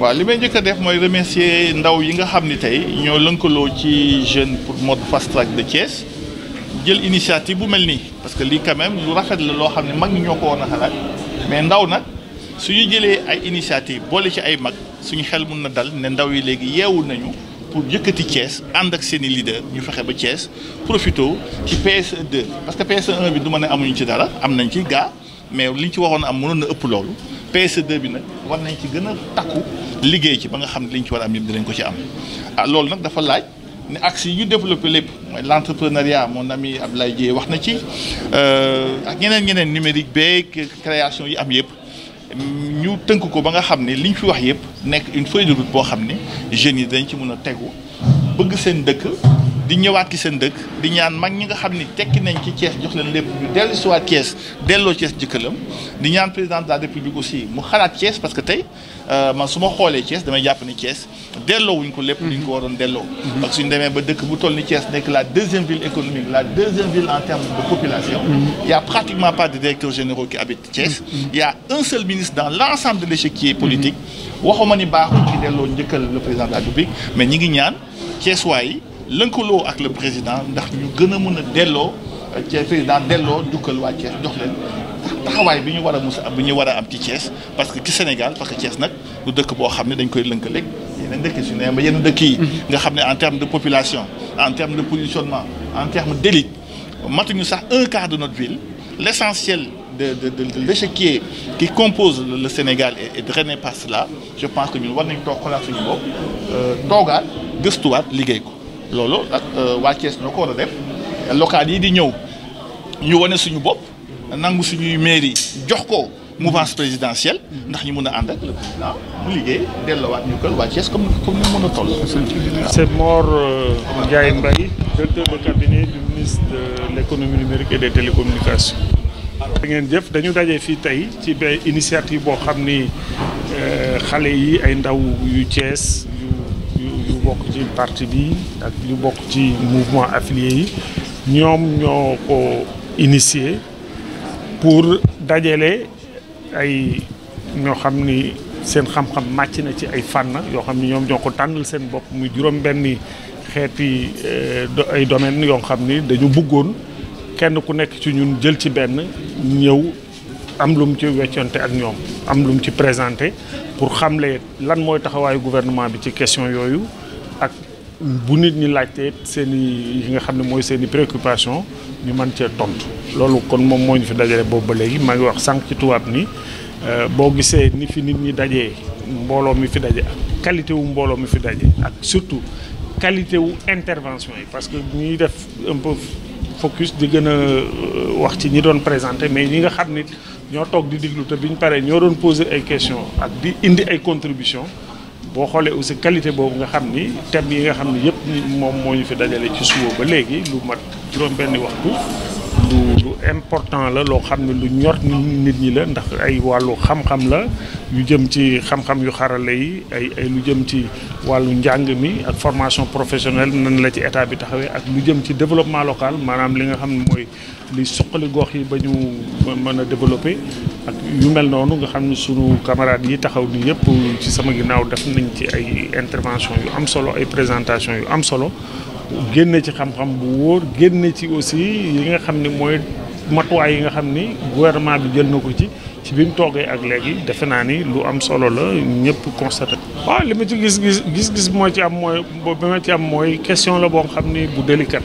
waaw li may njëkk a def mooy remercier ndaw yi nga xam ni tey ñoo lënkaloo ci jeune pour mode fast track de Thiès jël initiative bu mel nii parce que lii quand même lu rafet la loo xam ne mag ñoo ko woon a xalaat mais ndaw nag su ñu jëlee ay initiative boole ci ay mag suñu xel mun na dal ne ndaw yi léegi yeewu nañu pour yëkkati Thiès ànd ak seeni i leader ñu fexe ba Thiès profité ci PSE parce que PSE 1 bi du ma ne amuñu ci dara am nañ ci gaa mais liñ ci waxoon am mënoon na ëpp loolu. PSD bi nag war nañ ci gën a takku liggéey ci ba nga xam ne li ñu ci war a am yëpp dinañ ko ci am ah loolu nag dafa laaj ne axe yi ñu développé lépp mooy l' entrepreneuriat mon ami Abdoulaye Dieye wax na ci euh, ak ñeneen ñeneen numérique beeg création yi am yëpp ñu tënk ko ba nga xam ne li ñu fi wax yëpp nekk une feuille de route boo xam ne jeunes yi dañ ci mën a tegu bëgg seen dëkk di ñëwaat ci seen dëkk di ñaan mag ñi nga xam ni tekki nañ ci Thiès jox leen lépp ñu dellu si waat Thiès delloo Thiès jëkkalam di ñaan président de la république aussi mu xalaat Thiès parce que tey euh, man su ma xoolee Thiès damay jàpp ni Thiès delloo wuñ ko lépp li ñu ko waroon delloo parce mhm. que suñu demee ba dëkk bu toll ni Thiès nekk la deuxième ville économique la deuxième ville en termes de population mhm. il a pratiquement pas de directeurs généraux qui habitent Thiès mhm. il y a un seul ministre dans ni baaxul ci delloo njëkkal le président de la république mais ñi ngi ñaan Thiès lënkaloo ak le président ndax ñu gën a mën a delloo ci euh, président delloo dukkal waa Thiès jox leen taxawaay bi ñu war a mus bi ñu war a am ci Thiès parce que ci Sénégal parce que cees nag lu dëkk boo xam ne dañ koy lënkaleeg yeneen dëkk su ba yenn dëkk yi. Mhm. nga xam ne en terme de population en terme de positionnement en terme d'élite matuñu sax un quart de notre ville l'essentiel de de de de l'échiquier qui compose le Sénégal est drainé par la je pense que ñun war nañ toog xoolaat suñu bopp euh, toogaat gëstuwaat liggéey ko. loolu ak euh, waa Thiès ñoo ko war a def local yi di ñëw ñu wane suñu bopp nangu suñuy mairie jox ko mouvance présidentielle ndax ñu mën a ànd ak le président mu liggéey delloowaat ñu kër waa Thiès comme nu ñu mën a toll. c'est Mor euh, Ndiaye Mbaye directeur de cabinet du ministre de l'économie numérique et des télécommunications. da ngeen jëf dañu daje fii tey ci benn initiative boo xam ni euh, xale yi ay ndaw yu Thiès. ci partie bi ak lu bokk ci mouvement affilié yi ñoom ñoo ko initié pour dajale ay ñoo xam ni seen xam-xam màcc na ci ay fànn yoo xam ni ñoom ñoo ko tànnal seen bopp muy juróom-benni xeeti euh, ay domaine yoo xam ni dañu bëggoon kenn ku nekk ci ñun jël ci benn ñëw am lu mu ci wecconte ak ñoom am lu mu ci présenté pour xamle lan mooy taxawaayu gouvernement bi ci question yooyu bu nit ñi laajtee seeni yi nga xam ne mooy seen i préoccupation ñu man cee tontu loolu kon moom moo ñu fi dajale boobu ba léegi maa ngi wax sànq ci tubaab ni euh, boo gisee ni fi nit ñi dajee mbooloo mi fi daje ak qualité wu mbooloo mi fi daje ak surtout qualité wu intervention yi parce que ñuy def un peu focus di gën a euh, wax ci ñi doon présenter mais ñi nga xam nit ñoo toog di diglu te bi ñu paree ñoo doon poser ay questions ak di indi ay contributions boo xoolee aussi qualité boobu nga xam ni thèmes yi nga xam ni yëpp moom moo ñu fi dajale ci suba ba léegi lu mat juróom-benni waxtu lu lu important la loo xam ne lu ñor nit ñi la ndax ay wàllu xam-xam la yu jëm ci xam-xam yu xarala yi ay lu jëm ci wàllu njàng mi ak formation professionnelle nan la ci état bi taxawee ak lu jëm ci développement local maanaam li nga xam ne mooy li suqali gox yi ba ñu mën a développer ak yu mel noonu nga xam ne sunu camarades yi taxaw ni yëpp ci sama ginnaaw def nañ ci ay intervention yu am solo ay présentation yu am solo génne ci xam-xam bu wóor génne ci aussi yi nga xam ni mooy matuwaay yi nga xam ni gouvernement bi jël na ko ci ci bi mu toogee ak léegi defe naa ni lu am solo la ñëpp constaté waaw li ma ci gis-gis gis-gis moo ci am mooy bi ci am mooy question la boo xam ni bu délicate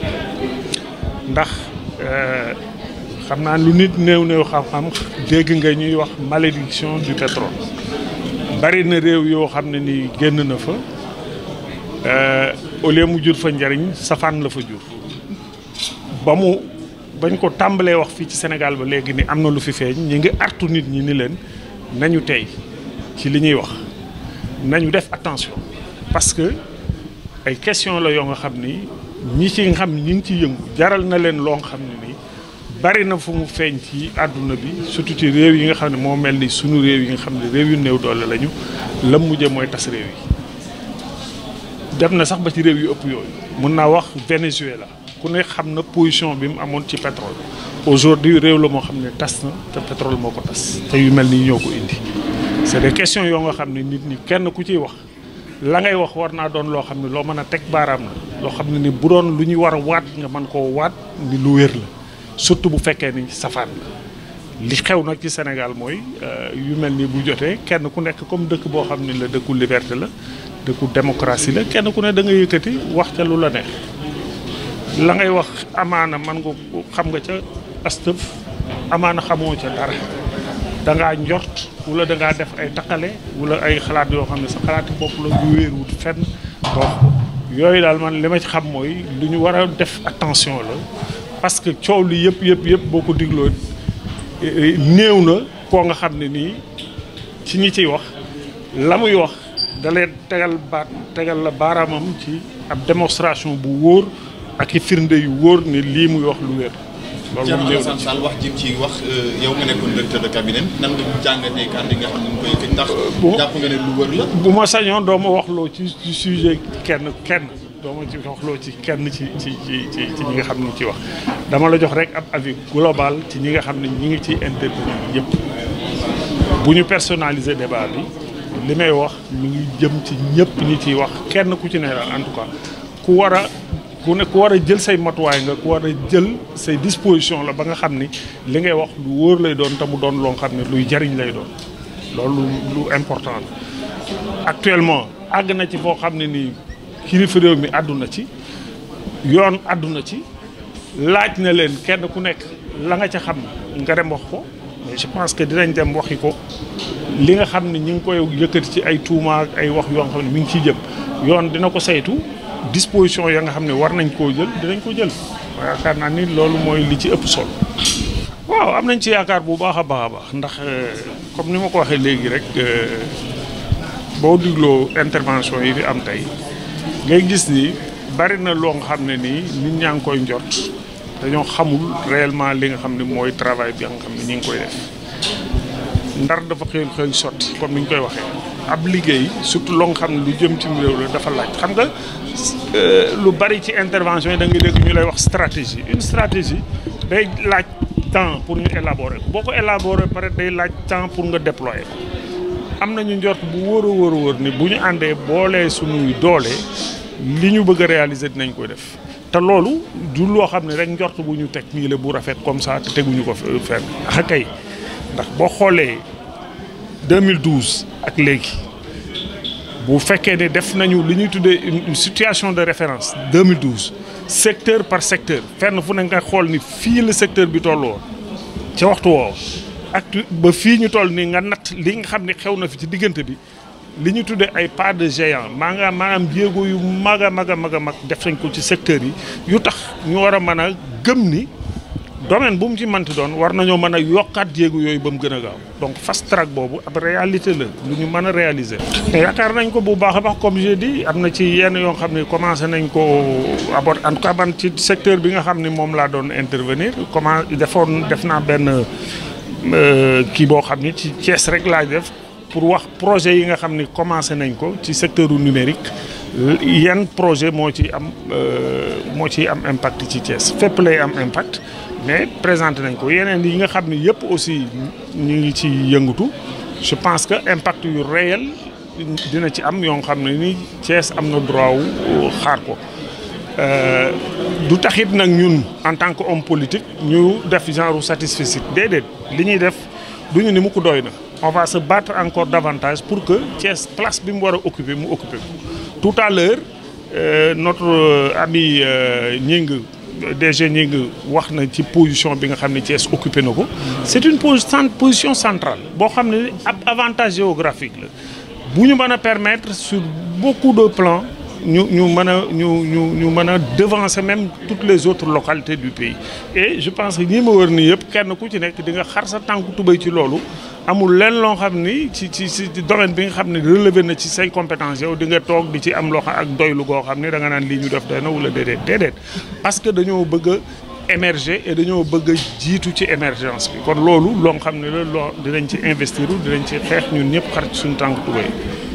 ndax euh, xam naa lu nit néew néew xam-xam dégg nga ñuy wax malédiction du pétrole bari na réew yoo xam ne ni génn na fa euh, au lieu mu jur fa njariñ safaan la fa jur ba mu bañ ko tàmbalee wax fii ci Sénégal ba léegi ni am na lu fi feeñ ñi ngi artu nit ñi ni leen nañu tey ci li ñuy wax nañu def attention parce que ay question la yoo nga xam ni ñi ci nga xam ñi ngi ci yëngu jaral na leen loo nga xam ne ni bari na fu mu feeñ ci àdduna bi surtout ci réew yi nga xam ne moo mel ni suñu réew yi nga xam ne réew yu néew doole lañu la mu mujje mooy tas réew yi dem na sax ba ci réew yu ëpp yooyu mun naa wax Venezuela ku ne xam na position bi mu amoon ci pétrole aujourd'hui réew la moo xam ne tas na te pétrole moo ko tas te yu mel nii ñoo ko indi c'est des questions yoo nga xam ne nit ñi kenn ku ciy wax la ngay wax war naa doon loo xam ne loo mën a teg baaraam la loo xam ne ni bu doon lu ñuy war a nga mën koo waat ni lu wér la surtout bu fekkee ni safaan la li xew nag ci Sénégal mooy euh, yu mel ni bu jotee kenn ku nekk comme dëkk boo xam ni la dëkku liberté la dëkku démocratie la kenn ku ne da nga yëkkati wax ca lu la ne la ngay wax amaana man nga xam nga ca astëf amaana xamoo ca dara da ngaa njort wala da ngaa def ay taqale wala ay xalaat yoo xam ne sa xalaati bopp la bu wéeruwut fenn donc yooyu daal man li ma xam mooy lu ñu war a def attention la parce que coow li yëpp yëpp yëpp boo ko digloo néew na koo nga xam ne nii ci ñi ciy wax la muy wax da tegal baat tegal la baaraamam ci ab démonstration bu wóor ak firnde yu wóor ni lii muy wax lu wér. loolu moom wax jëm ci wax euh, yow nga nekkoon directeur euh, bu ma sañoon doo ma wax loo ci sujet kenn kenn. doo ma ci wax ci kenn ci ci ci ci ci ñi nga xam ne ñu ci wax dama la jox rek ab avis global ci ñi nga xam ne ñi ngi ci intervenir yëpp bu ñu personnaliser débat bi li may wax mu ngi jëm ci ñëpp ñi ciy wax kenn ku ci ne en tout cas ku war a ku ne ku war a jël say matuwaay nga ku war a jël say disposition la ba nga xam ni li ngay wax lu wóor lay doon te mu doon loo xam ne luy jariñ lay doon loolu lu important actuellement àgg na ci foo xam ne nii kilifa réew mi àdduna ci yoon àdduna ci laaj na leen kenn ku nekk la nga ca xam nga dem wax ko mais je pense que dinañ dem waxi ko li nga xam ne ñu ngi koy yëkkati ci ay tuuma ay wax yoo nga xam ne mi ngi ciy jëm yoon dina ko saytu disposition ya nga xam ne war nañ koo jël dinañ ko jël yaakaar naa ni loolu mooy li ci ëpp solo waaw am nañ ci yaakaar bu baax a baax a baax ndax euh, comme ni ma ko waxee léegi rek euh, boo digloo intervention yi fi am tey ngay gis ni bari na loo nga xam ne nii nit ñaa ngi koy njort dañoo xamul réellement li nga xam ne mooy travail bi nga xam ne ñi ngi koy def ndar dafa xëy xëy sotti comme ni ñu koy waxee ab liggéey surtout loo nga xam ne lu jëm ci réew la dafa laaj xam nga euh, lu bari ci intervention yi da ngay dégg ñu lay wax stratégie une stratégie day laaj temps pour ñu élaborer boo ko élaborer pare day laaj temps pour nga déployer am nañu njort bu wóor a wóor a wóor ni bu ñu àndee boolee suñuy doolee li ñu bëgg a réaliser dinañ koy def te loolu du loo xam ne rek njort bu ñu teg nii la bu rafet comme ça te teguñu ko fenn xakay ndax boo xoolee 2012 ak léegi bu fekkee ne def nañu li ñuy tuddee une situation de référence 2012 secteur par secteur fenn fu ne nga xool ni fii la secteur bi tolloo ca waxtu woowu. actu ba fii ñu toll nii nga nat lii nga xam ni xew na fi ci diggante bi li ñu tuddee ay pas de géant maa nga maanaam jéego yu mag a mag a mag a mag def sañ ko ci secteur yi yu tax ñu war a mën a gëm ni domaine bu mu ci manti doon war nañoo mën a yokkaat jéego yooyu ba mu gën a gaaw donc fast track boobu ab réalité la lu ñu mën a réaliser. yaakaar nañ ko bu baax a baax comme j'ai dit am na ci yenn yoo xam ne commencé nañ ko abord en tout cas ci secteur bi nga xam ne moom laa doon intervenir comment defoon def naa benn. Euh, kii boo xam ni ci Thiès rek laay def pour wax projet yi nga xam ni commencé nañ ko ci secteur numérique yan projet moo ci am euh, moo ci am impact ci Thiès fépp lay am impact mais présenté nañ ko yeneen yi nga xam ni yëpp aussi ñu ngi ci yëngatu je pense que impact yu réel dina ci am yoo xam ne nii Thiès am na droit wu xaar ko Euh, du taxit nag ñun en tant que homme politique ñu def genre satisfecit déedéet li ñuy def du ñu ni mukk doy na on va se battre encore davantage pour que Thiès place bi mu war a occuper mu occuper tout à l'heure euh, notre euh, ami Gningue DG Gningue wax na ci position bi nga xam ne Thiès occupé na ko c'est une position centrale boo xam ne ab avantage géographique la bu ñu mën a permettre sur beaucoup de plans ñu ñu mën a ñu ñu ñu mën a devancer même toutes les autres localités du pays e je pense que ñi ma wër nii yëpp kenn ku ci nekk di nga xar sa tànk tubéy ci loolu amul lenn loo xam ni ci ci ci domaine bi nga xam ne relevé na ci say compétence yow di nga toog di ci am loo xam ak doylu goo xam ne da naan lii ñu def doy na wala déedéet déedéet parce que dañoo bëgg a émerger et dañoo bëgg jiitu ci émergence bi kon loolu loo xam ne la loo dinañ ci investir dinañ ci xeex ñun ñëpp xar suñu tànk tubéy